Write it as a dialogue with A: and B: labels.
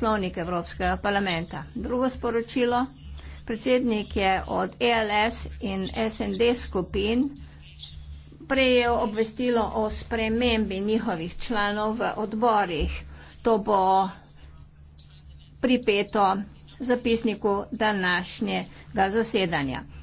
A: poslovnik Evropskega parlamenta. Drugo sporočilo, predsednik je od ELS in SND skupin prejel obvestilo o spremembi njihovih članov v odborih. To bo pripeto zapisniku današnjega zasedanja.